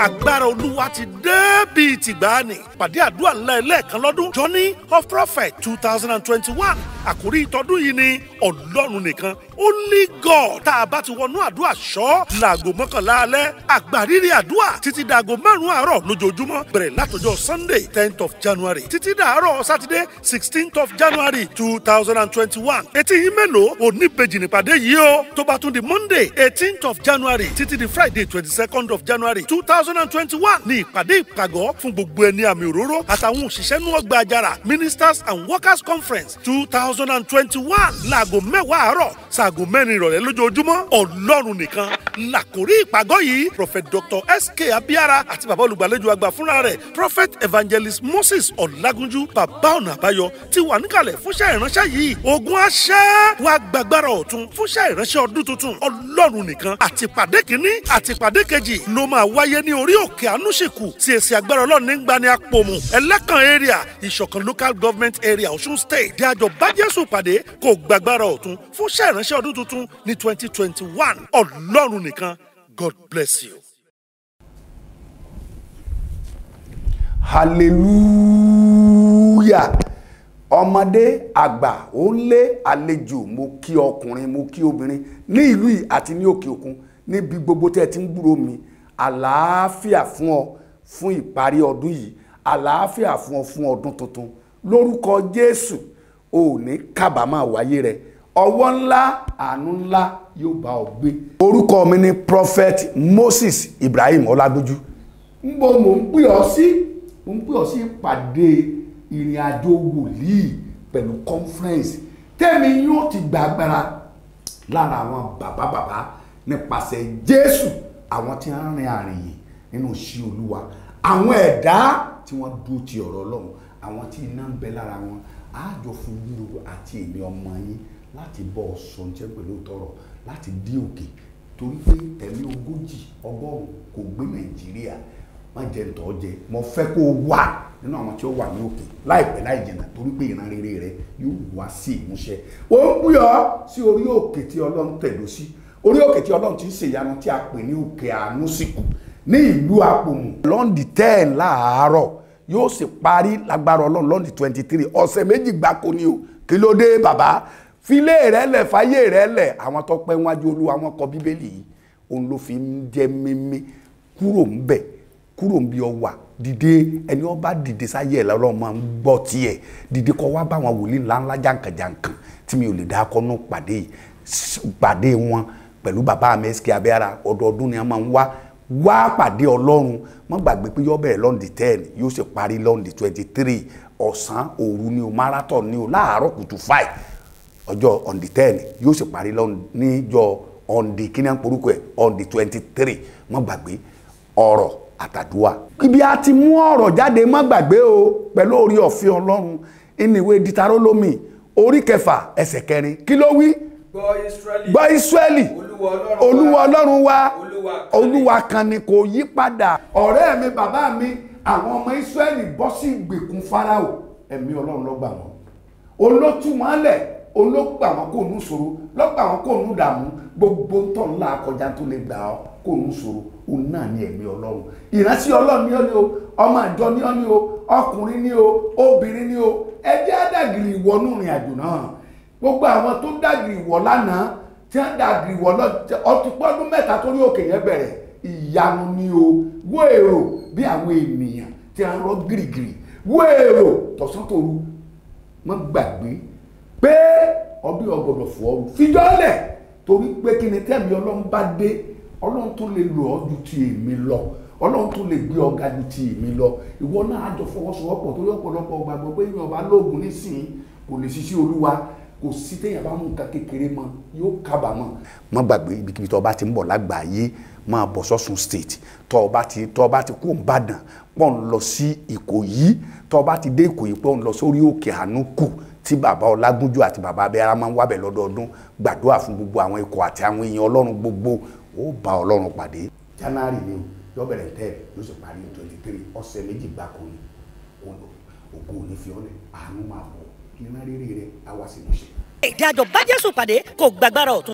agbára olúwa ti dé bíi tìgbà ni pàdé àdúrà ńlá ẹlẹ́ẹ̀kan lọ́dún journey of prophet two thousand and twenty one àkórí ìtọ́dún yìí ni ọlọ́run nìkan only God tá a bá ti wọnú àdúrà ṣọ́ làgò mọ́kànlá alẹ́ àgbàrírí àdúrà títí dàgò márùn-ún àárọ̀ lójoojúmọ́ bẹ̀rẹ̀ látọjọ́ Sunday tenth of January títí dàárọ̀ Saturday sixteenth of January two thousand and twenty-one etí yín mélòó oníbejì nípàdé yìí o tó bá tún di Monday eighteenth of January títí di Friday twenty-second of January two thousand and twenty-one ní ìpàdé ìpàgọ́ fún gbogbo ẹni àmì òróró àtàwọn òṣìṣẹ́ nú ọgbà àjàrà Ministers and Workers Conference two thousand thousand and twenty one láago mẹ́wàá àárọ̀ ṣaago mẹ́rin ìrọ̀lẹ́ lójoojúmọ́ ọlọ́run nìkan làkórí ìpàgọ́ yìí prophet dr sk abiara àti bàbá olùgbàlejò àgbà fúnra rẹ̀ prophet evangelist moses ọlágúnjú bàbá ọ̀nà àbáyọ ti wà níkàlẹ̀ fúnṣẹ́ ìránṣẹ́ yìí ogun aṣẹ́ wa gbàgbára ọ̀tun fúnṣẹ́ ìránṣẹ́ ọdún tuntun ọlọ́run nìkan àtìpàdé kìíní àtìpàdé kejì ló máa wáyé ní orí òkè anúṣekù tí èsì agbára ọlọ́run ní gbani apòmù ẹlẹ́kàn area ìṣọ̀kan local government area ọ̀ṣun state di àjọ bá jésù pàdé kò gbàgbára ọ̀tun fúnṣẹ́ ìránṣẹ́ ọdún tuntun ní twenty twenty one ọlọ́run nìkan God bless you. hallelujah ọmọdé àgbà ó ń lé àlejò mo kí ọkùnrin mo kí obìnrin ní ìlú yìí àti ní òkè òkun níbi gbogbo tẹ́ ẹ ti ń gbúrò mi àlàáfíà fún ọ fún ìparí ọdún yìí àlàáfíà fún ọ fún ọdún tuntun lórúkọ Jésù ò ní kábàámà wáyé rẹ̀ ọwọ́ ńlá àánú ńlá yóò bá ọ gbé. orúkọ mi ni prophet moses ibrahim ọlágbójú. ń bọ mò ń pè ọ sí mò ń pè ọ sí ìpàdé ìrìn àjò wòlíì pẹ̀lú conference tẹ́mi yóò ti gba agbára lára àwọn bàbá bàbá nípasẹ̀ jésù àwọn tí wọ́n rìn àrìn yìí nínú sí olúwa àwọn ẹ̀dá tí wọ́n dúró ti ọ̀rọ̀ ọlọ́run àwọn tí iná ń bẹ lára wọn àjọ fún yín àti èmi ọmọ yín láti bọ́ ọ sọ jẹ́ pẹ̀lú tọrọ láti dí òkè torí pé tẹ̀lé ogójì ọgọ́rùn kò gbé nàìjíríà má jẹ ntọ́ jẹ mo fẹ́ kó o wà nínú àwọn tí ó wà ní òkè láìpẹ́ láì jìnnà torí pé ìran rere rẹ yóò wá sí ìmúṣẹ ó ń búyọ sí orí òkè tí ọlọ́run tẹ̀dó sí orí òkè tí ọlọ́run ti ń ṣèyanu tí a pè ní òkè àánú sìnkú ní ìlú àpòmù lọ́ndì ten láàárọ̀ yóò sì parí lágbára ọlọ́run lọ́ndì twenty three ọ̀sẹ̀ méjì gbáko ni o kí ló dé bàbá filé rẹ lẹ fàyè rẹ lẹ àwọn tó pẹ́ wájú olúwa wọn kọ bíbélì yìí òun ló fi ń jẹ mímí kúrò ń bẹ kúrò ń bí ọ wà dìde ẹni ọba dìde sáyé ẹ lọ́lọ́run máa ń gbọ́ tiẹ̀ dìde kọ wá bá àwọn wòlíì ńláńlá jàǹkànjàǹkàn tí mi ò lè dákọ pàdé pàdé wọn pẹ̀lú bàbá mi ẹsìkì abẹ́ara ọdọọdún ni a máa ń wá wá pàdé ọlọ́run má gbàgbé pé yọ bẹ̀rẹ̀ lọ́ndì ten yóò sì parí lọ́ndì twenty three ọ̀sán òru ni o marathon ni o láàárọ̀ kùtù five ọjọ́ on the ten yóò sì parí níjọ́ on the kíní à ń ẹ̀ on the twenty three má gbàgbé ọ̀rọ̀ àtàdúà. ibi a ti mú ọ̀rọ̀ jáde má gbàgbé o pẹ̀lú orí ọ̀fin ọlọ́run ìníwé ditarolomi orí kẹfà ẹsẹ̀ kẹrin kí ló wí gbọ́ Ísírẹ́lì olúwa ọlọ́run wa olúwa kan ni kò yí padà. ọ̀rẹ́ mi bàbá mi àwọn ọmọ Ísírẹ́lì bọ́ sí ìgbèkùn Fáráò ẹ̀mí ọlọ́run ló gbà wọ́n olóògbà wọn kò ní ìṣòro lọ́gbà wọn kò gbogbo ń tọ̀ ńlá kọjá tó lè gbà ọ́ kò ní òun náà ni ẹ̀mí ọlọ́run ìrántí ọlọ́run o ọmọ àjọ ni o ọkùnrin ni o obìnrin ni o ẹjẹ́ àdàgìrì ìwọ́nú ìrìn àjò náà gbogbo àwọn tó dàgìrì ìwọ́ lánàá tí wọ́n dàgìrì ìwọ́ ọtúpọ́dún mẹ́ta torí òkè yẹn bẹ̀rẹ̀ ìyanu ni o wó èrò bí pé ọbí ọgbọdọ̀ fọ ọ fíjọ́ torí pé kí ni tẹ́mi ọlọ́run bá dé ọlọ́run tó lè lò ọ́ ju ti èmi lọ tó lè gbé ọ̀gá ju ti èmi lọ ìwọ náà jọ torí gbàgbọ́ pé ìyẹn ọba ń bọ̀ lágbàáyé máa bọ̀ sọ́sùn state tó ti tó sí ìkòyí tó dé ìkòyí pọ̀ ń lọ sórí òkè àánú tí bàbá ọlágúnjú àti bàbá abẹ́yára máa ń wábẹ̀ lọ́dọọdún gbàdúrà fún gbogbo àwọn ikọ̀ àti àwọn èèyàn ọlọ́run gbogbo ó bá ọlọ́run pàdé. january ni yóò bẹ̀rẹ̀ tẹ́ ẹ̀ ló sì parí twenty three ọ̀sẹ̀ méjì gbáko ni ògo òní fi ọ́lẹ̀ àánú máa bọ̀ nínú rírì rẹ̀ àwa sì ló ṣe. ìdájọ́ bá jésù pàdé kò gbàgbára ọ̀tún.